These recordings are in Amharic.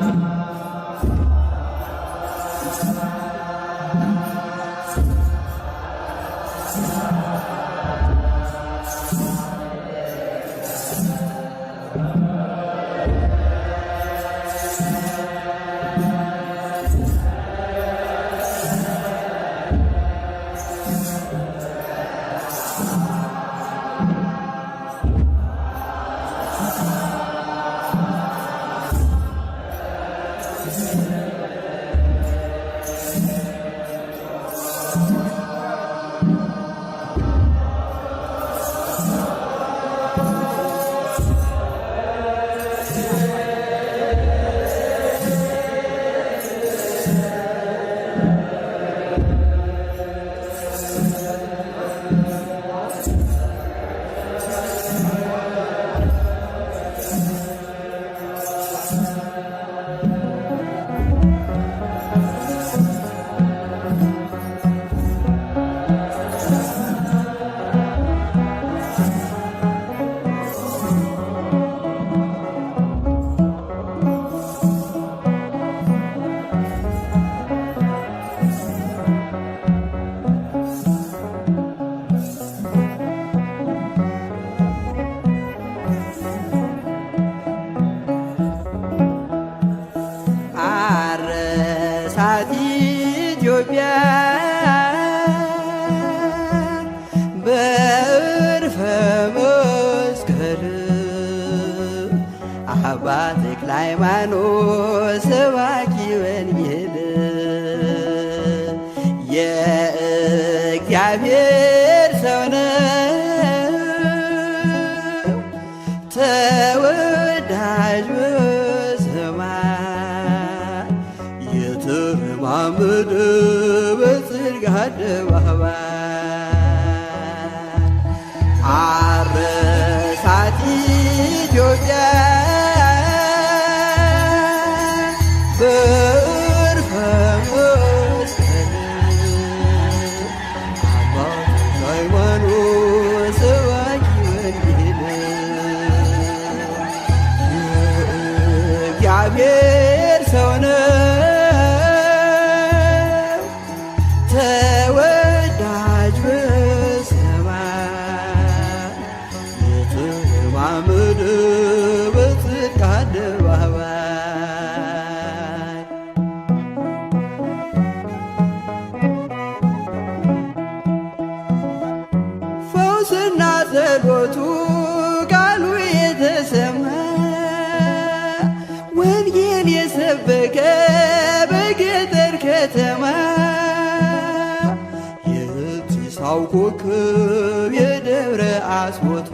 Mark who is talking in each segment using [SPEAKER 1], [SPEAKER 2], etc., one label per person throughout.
[SPEAKER 1] Música hum. ኢትዮጵያ በእርፈ መስቀል አባ ተክለ ሃይማኖት ሰባኪ ወንጌል የእግዚአብሔር አደባባይ ምድር በጽድቅ አደባባይ ፈውስና ጸሎቱ ቃሉ የተሰማ ወንጌል የሰበከ በገጠር ከተማ የጢሳው ኮከብ የደብረ አስቦቱ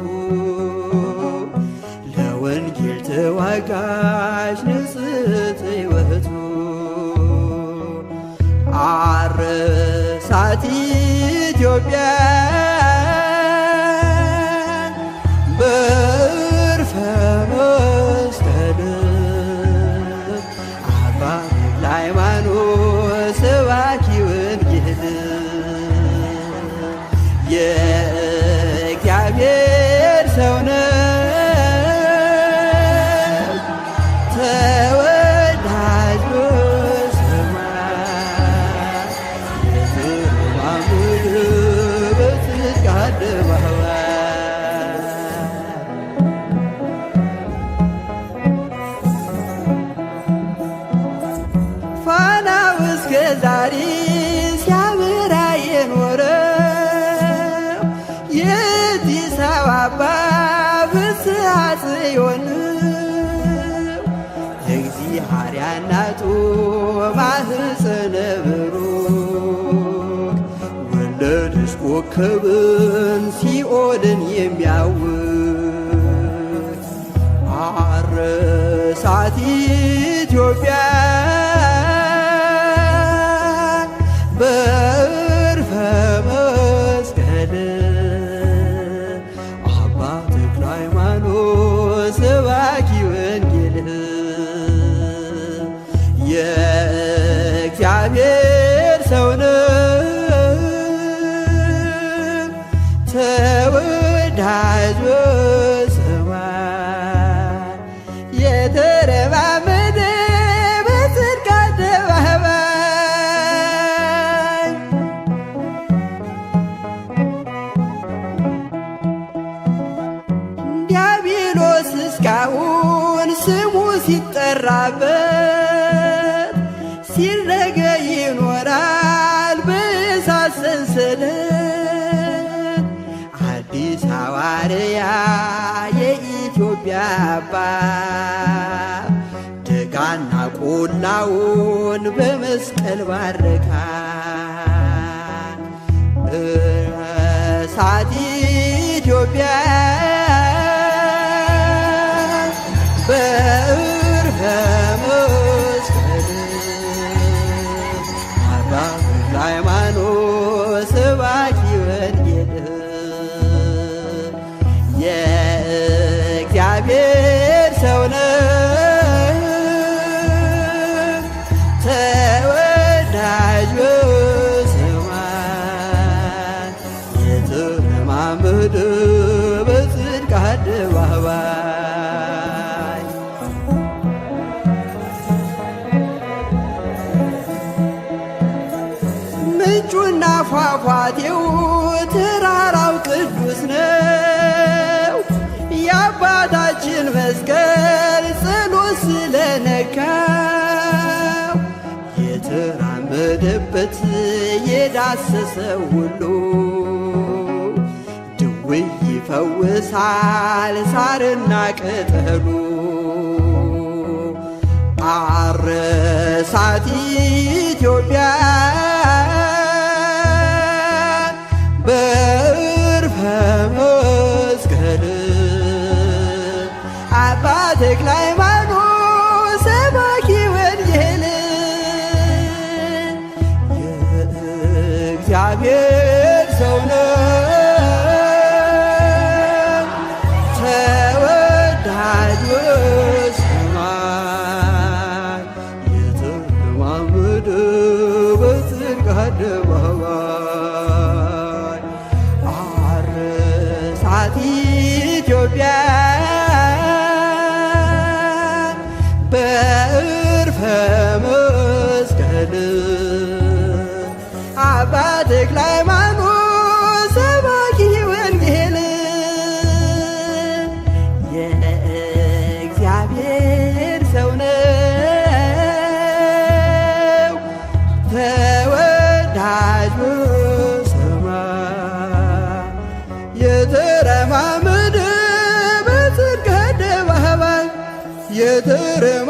[SPEAKER 1] ያናቱ ማህፀነ ብሩክ ወለድሽ ኮከብን ሲኦልን የሚያውቅ አረሳት ኢትዮጵያ እግዚአብሔር ሰውን ሰንሰለት አዲስ ሐዋርያ የኢትዮጵያ አባት ደጋና ቆላውን በመስቀል ባረካ ሳት ኢትዮጵያ ተዋህዶ በጽድቅ አደባባይ ምንጩና ፏፏቴው ተራራው ቅዱስ ነው። የአባታችን መስቀል ጸሎት ስለነካው የተራመደበት የዳሰሰ ሁሉ ይፈውሳል ሳርና ቅጠሉ አረሳት ኢትዮጵያ በእርፈ መስቀል አባ ተክላይ በእርፈ መስቀል አባ ተክለ ስትርማ